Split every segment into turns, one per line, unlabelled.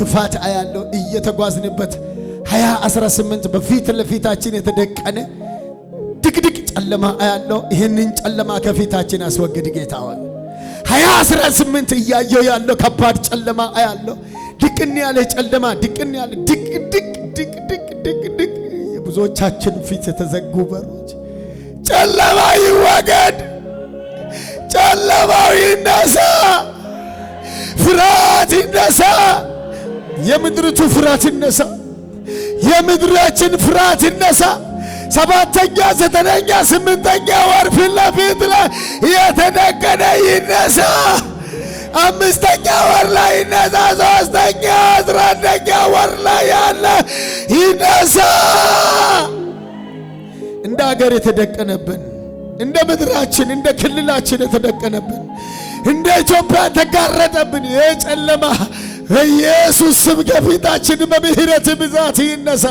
ክፋት አያለው እየተጓዝንበት 2018 በፊት ለፊታችን የተደቀነ ድቅድቅ ጨለማ አያለው። ይህንን ጨለማ ከፊታችን አስወግድ ጌታ ሆይ። 2018 እያየው ያለው ከባድ ጨለማ አያለው። ድቅን ያለ ጨለማ ድቅን ያለ ድቅድቅ ድቅድቅ የብዙዎቻችን ፊት የተዘጉ በሮች ጨለማ ይወገድ፣ ጨለማው ይነሳ፣ ፍርሃት ይነሳ። የምድርቱ ፍርሃት ይነሳ፣ የምድራችን ፍርሃት ይነሳ። ሰባተኛ፣ ዘጠነኛ፣ ስምንተኛ ወር ፊት ለፊት ላይ የተደቀነ ይነሳ። አምስተኛ ወር ላይ ይነሳ። ሶስተኛ አስራ አንደኛ ወር ላይ ያለ ይነሳ። እንደ አገር የተደቀነብን እንደ ምድራችን እንደ ክልላችን የተደቀነብን እንደ ኢትዮጵያ ተጋረጠብን የጨለማ ኢየሱስ ስም ከፊታችን በምህረት ብዛት ይነሳ።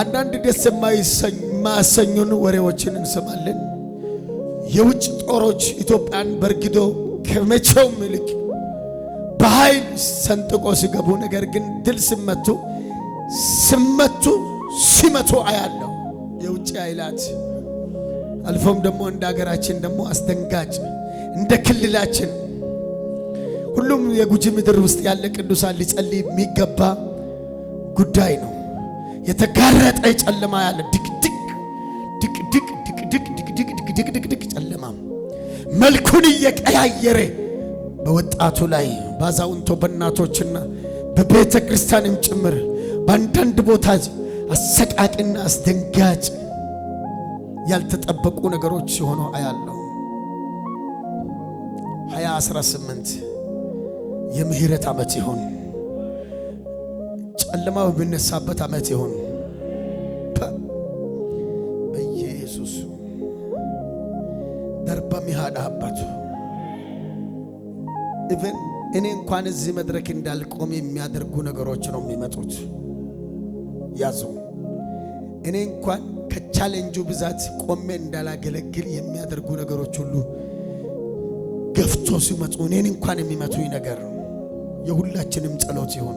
አንዳንድ ደስ የማያሰኙን ወሬዎችን እንሰማለን። የውጭ ጦሮች ኢትዮጵያን በርግዶ ከመቼውም ይልቅ በኃይል ሰንጥቆ ሲገቡ፣ ነገር ግን ድል ሲመቱ ሲመቱ ሲመቱ አያለሁ። የውጭ ኃይላት አልፎም ደግሞ እንደ ሀገራችን ደግሞ አስደንጋጭ እንደ ክልላችን ሁሉም የጉጂ ምድር ውስጥ ያለ ቅዱሳን ሊጸልይ የሚገባ ጉዳይ ነው። የተጋረጠ ጨለማ ያለ ድቅድቅ ድቅድቅ ድቅድቅ ድቅድቅ ድቅድቅ ጨለማ መልኩን እየቀያየረ በወጣቱ ላይ በአዛውንቶ በእናቶችና በቤተ ክርስቲያንም ጭምር በአንዳንድ ቦታ አሰቃቂና አስደንጋጭ ያልተጠበቁ ነገሮች ሲሆኑ አያለሁ 2018 የምህረት ዓመት ይሁን። ጨለማ በሚነሳበት ዓመት ይሁን። በኢየሱስ ደርበሚሃዳ አባቱ ኢቨን እኔ እንኳን እዚህ መድረክ እንዳልቆም የሚያደርጉ ነገሮች ነው የሚመጡት። ያዙ እኔ እንኳን ከቻሌንጁ ብዛት ቆሜ እንዳላገለግል የሚያደርጉ ነገሮች ሁሉ ገፍቶ ሲመጡ እኔን እንኳን የሚመቱኝ ነገር ነው። የሁላችንም ጸሎት ይሁን።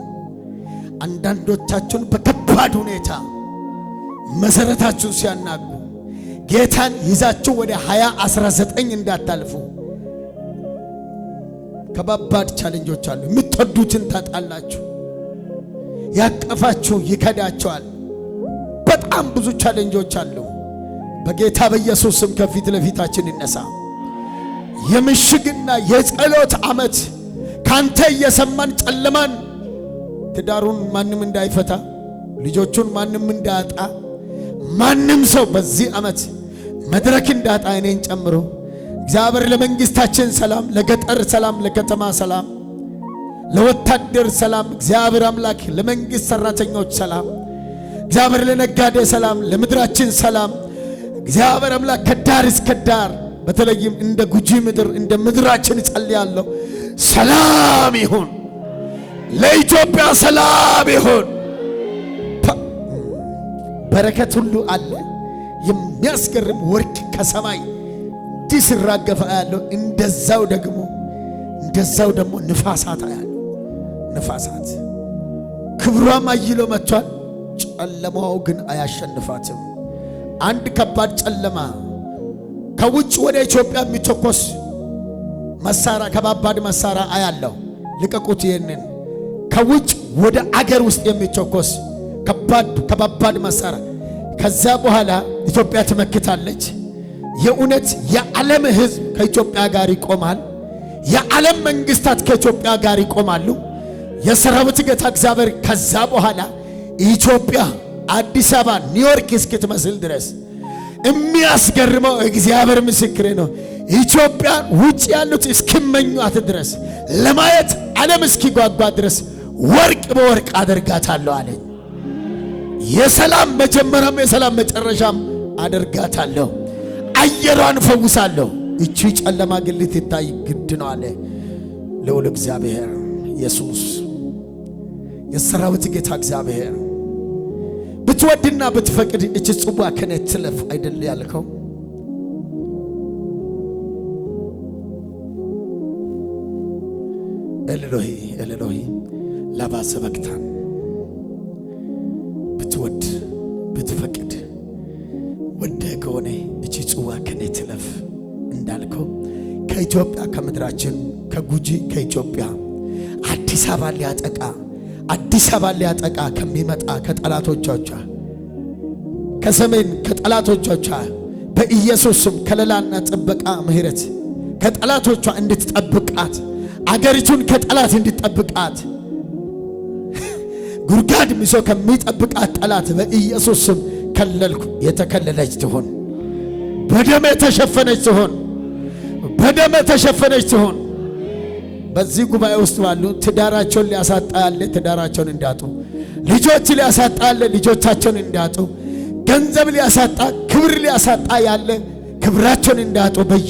አንዳንዶቻችሁን በከባድ ሁኔታ መሰረታችሁን ሲያናጉ ጌታን ይዛችሁ ወደ 2019 እንዳታልፉ። ከባባድ ቻሌንጆች አሉ። የምትወዱትን ታጣላችሁ። ያቀፋችሁ ይከዳቸዋል። በጣም ብዙ ቻሌንጆች አሉ። በጌታ በኢየሱስ ስም ከፊት ለፊታችን ይነሳ የምሽግና የጸሎት ዓመት ካንተ እየሰማን ጨለማን ትዳሩን ማንም እንዳይፈታ ልጆቹን ማንም እንዳያጣ ማንም ሰው በዚህ ዓመት መድረክ እንዳጣ እኔን ጨምሮ እግዚአብሔር ለመንግስታችን ሰላም፣ ለገጠር ሰላም፣ ለከተማ ሰላም፣ ለወታደር ሰላም እግዚአብሔር አምላክ ለመንግስት ሰራተኞች ሰላም እግዚአብሔር ለነጋዴ ሰላም፣ ለምድራችን ሰላም እግዚአብሔር አምላክ ከዳር እስከ ዳር በተለይም እንደ ጉጂ ምድር እንደ ምድራችን ጸልያለሁ። ሰላም ይሁን። ለኢትዮጵያ ሰላም ይሁን። በረከት ሁሉ አለ። የሚያስገርም ወርቅ ከሰማይ እንዲህ ሲራገፈ ያለው እንደዛው ደግሞ እንደዛው ደግሞ ንፋሳት ያለው ንፋሳት ክብሯም አይሎ መጥቷል። ጨለማው ግን አያሸንፋትም። አንድ ከባድ ጨለማ ከውጭ ወደ ኢትዮጵያ የሚተኮስ መሳራ ከባባድ መሳራ አያለሁ። ልቀቁት። ይህንን ከውጭ ወደ አገር ውስጥ የሚቸኮስ ከባድ ከባባድ መሳራ። ከዛ በኋላ ኢትዮጵያ ትመክታለች። የእውነት የዓለም ሕዝብ ከኢትዮጵያ ጋር ይቆማል። የዓለም መንግስታት ከኢትዮጵያ ጋር ይቆማሉ። የሰራዊት ጌታ እግዚአብሔር ከዛ በኋላ ኢትዮጵያ አዲስ አበባ ኒውዮርክ እስክትመስል ድረስ የሚያስገርመው እግዚአብሔር ምስክሬ ነው። ኢትዮጵያን ውጭ ያሉት እስኪመኟት ድረስ ለማየት ዓለም እስኪጓጓ ድረስ ወርቅ በወርቅ አደርጋታለሁ አለኝ። የሰላም መጀመሪያም የሰላም መጨረሻም አደርጋታለሁ። አየሯን ፈውሳለሁ። እቺ ጨለማ ግን ልትታይ ግድ ነው አለ ልዑል እግዚአብሔር ኢየሱስ። የሰራዊት ጌታ እግዚአብሔር ብትወድና ብትፈቅድ እቺ ጽዋ ከኔ ትለፍ አይደል ያልከው ኤልሎሄ ኤልሎሄ ላባ ሰበክታን ብትወድ ብትፈቅድ ወደ ከሆነ እቺ ጽዋ ከኔ ትለፍ እንዳልከው ከኢትዮጵያ ከምድራችን ከጉጂ ከኢትዮጵያ አዲስ አበባ ሊያጠቃ አዲስ አበባ ሊያጠቃ ከሚመጣ ከጠላቶቿ ከሰሜን ከጠላቶቿ በኢየሱስም ከለላና ጥበቃ ምሕረት ከጠላቶቿ እንድትጠብቃት አገሪቱን ከጠላት እንዲጠብቃት ጉድጓድ ምሶ ከሚጠብቃት ጠላት በኢየሱስ ስም ከለልኩ። የተከለለች ትሆን፣ በደም የተሸፈነች ትሆን፣ በደም የተሸፈነች ትሆን። በዚህ ጉባኤ ውስጥ ባሉ ትዳራቸውን ሊያሳጣ ያለ ትዳራቸውን እንዳጡ፣ ልጆች ሊያሳጣ ያለ ልጆቻቸውን እንዳጡ፣ ገንዘብ ሊያሳጣ፣ ክብር ሊያሳጣ ያለ ክብራቸውን እንዳጡ በየ